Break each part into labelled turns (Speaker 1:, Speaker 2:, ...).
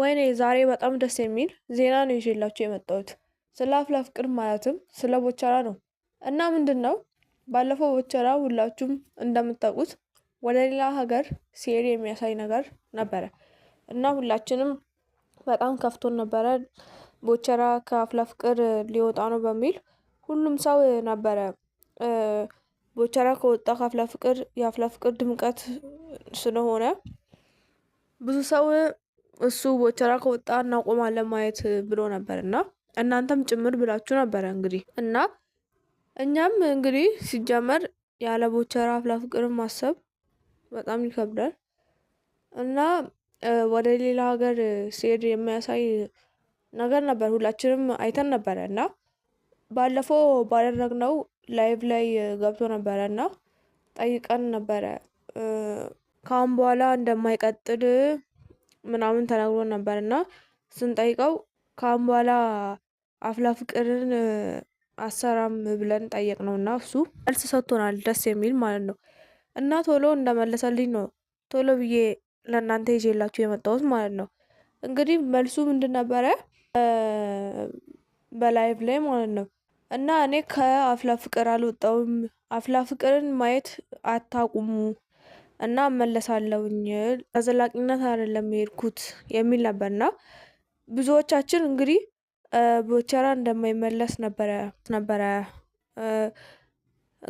Speaker 1: ወይኔ ዛሬ በጣም ደስ የሚል ዜና ነው ይዤላችሁ የመጣሁት። ስለ አፍላ ፍቅር ማለትም ስለ ቦቸራ ነው። እና ምንድን ነው ባለፈው ቦቸራ ሁላችሁም እንደምታውቁት ወደ ሌላ ሀገር ሲሄድ የሚያሳይ ነገር ነበረ እና ሁላችንም በጣም ከፍቶን ነበረ። ቦቸራ ከአፍላ ፍቅር ሊወጣ ነው በሚል ሁሉም ሰው ነበረ ቦቸራ ከወጣ ከአፍላ ፍቅር የአፍላ ፍቅር ድምቀት ስለሆነ
Speaker 2: ብዙ ሰው እሱ ቦቸራ ከወጣ እናቆማለን ማየት ብሎ ነበር እና እናንተም ጭምር ብላችሁ ነበረ እንግዲህ እና
Speaker 1: እኛም እንግዲህ ሲጀመር ያለ ቦቸራ አፍላ ፍቅርን ማሰብ በጣም ይከብዳል እና ወደ ሌላ ሀገር ሲሄድ የሚያሳይ ነገር ነበር። ሁላችንም አይተን ነበረ እና ባለፈው ባደረግነው ላይቭ ላይ ገብቶ ነበረ እና ጠይቀን ነበረ ከአሁን በኋላ እንደማይቀጥል ምናምን ተነግሮ ነበር እና ስንጠይቀው ከአሁን በኋላ አፍላ ፍቅርን አሰራም ብለን ጠየቅ ነው እና እሱ መልስ ሰጥቶናል። ደስ የሚል ማለት ነው እና ቶሎ እንደመለሰልኝ ነው ቶሎ ብዬ ለእናንተ ይዤላችሁ የመጣሁት ማለት ነው። እንግዲህ መልሱ ምንድን ነበረ በላይቭ ላይ ማለት ነው እና እኔ ከአፍላ ፍቅር አልወጣውም፣ አፍላ ፍቅርን ማየት አታቁሙ እና እመለሳለሁኝ ተዘላቂነት አይደለም የሄድኩት የሚል ነበር እና ብዙዎቻችን እንግዲህ ቦቸራ እንደማይመለስ ነበረ ነበረ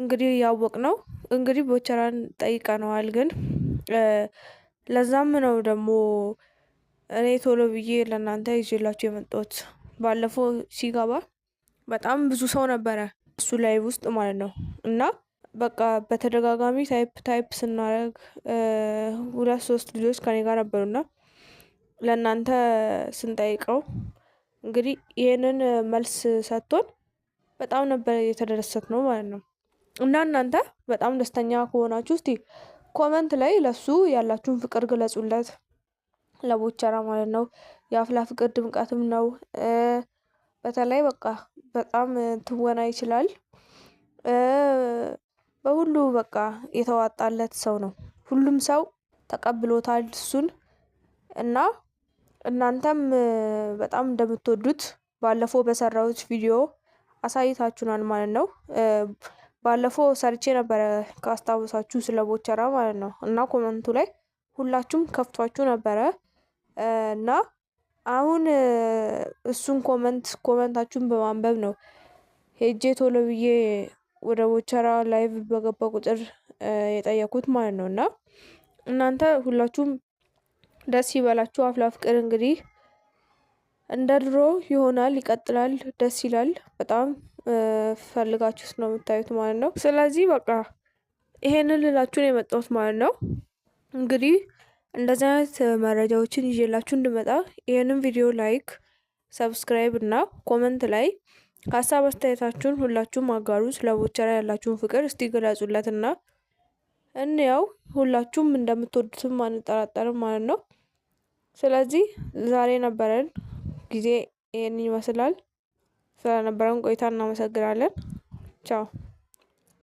Speaker 1: እንግዲህ ያወቅ ነው እንግዲህ ቦቸራን ጠይቀነዋል። ግን ለዛም ነው ደግሞ እኔ ቶሎ ብዬ ለእናንተ ይዤላችሁ የመጣሁት። ባለፈው ሲገባ በጣም ብዙ ሰው ነበረ እሱ ላይቭ ውስጥ ማለት ነው እና በቃ በተደጋጋሚ ታይፕ ታይፕ ስናደርግ ሁለት ሶስት ልጆች ከኔ ጋር ነበሩና ለእናንተ ስንጠይቀው እንግዲህ ይህንን መልስ ሰጥቶን በጣም ነበር የተደረሰት ነው ማለት ነው። እና እናንተ በጣም ደስተኛ ከሆናችሁ እስቲ ኮመንት ላይ ለሱ ያላችሁን ፍቅር ግለጹለት፣ ለቦቸራ ማለት ነው። የአፍላ ፍቅር ድምቀትም ነው። በተለይ በቃ በጣም ትወና ይችላል። በሁሉ በቃ የተዋጣለት ሰው ነው። ሁሉም ሰው ተቀብሎታል እሱን እና እናንተም በጣም እንደምትወዱት ባለፈው በሰራሁት ቪዲዮ አሳይታችሁናል ማለት ነው። ባለፈው ሰርቼ ነበረ ካስታወሳችሁ ስለ ቦቸራ ማለት ነው እና ኮመንቱ ላይ ሁላችሁም ከፍቷችሁ ነበረ እና አሁን እሱን ኮመንት ኮመንታችሁን በማንበብ ነው ሄጄ ቶሎ ብዬ ወደ ቦቸራ ላይቭ በገባ ቁጥር የጠየኩት ማለት ነው። እና እናንተ ሁላችሁም ደስ ይበላችሁ። አፍላ ፍቅር እንግዲህ እንደ ድሮ ይሆናል፣ ይቀጥላል፣ ደስ ይላል። በጣም ፈልጋችሁት ነው የምታዩት ማለት ነው። ስለዚህ በቃ ይሄንን ልላችሁን የመጣሁት ማለት ነው። እንግዲህ እንደዚህ አይነት መረጃዎችን ይዤላችሁ እንድመጣ ይህንን ቪዲዮ ላይክ፣ ሰብስክራይብ እና ኮመንት ላይ ሀሳብ አስተያየታችሁን ሁላችሁም አጋሩ። ስለ ያላችሁን ፍቅር እስቲ እና እንያው ሁላችሁም እንደምትወዱትም አንጠራጠርም ማለት ነው። ስለዚህ ዛሬ ነበረን ጊዜ ይህን ይመስላል። ስለነበረን ቆይታ እናመሰግናለን። ቻው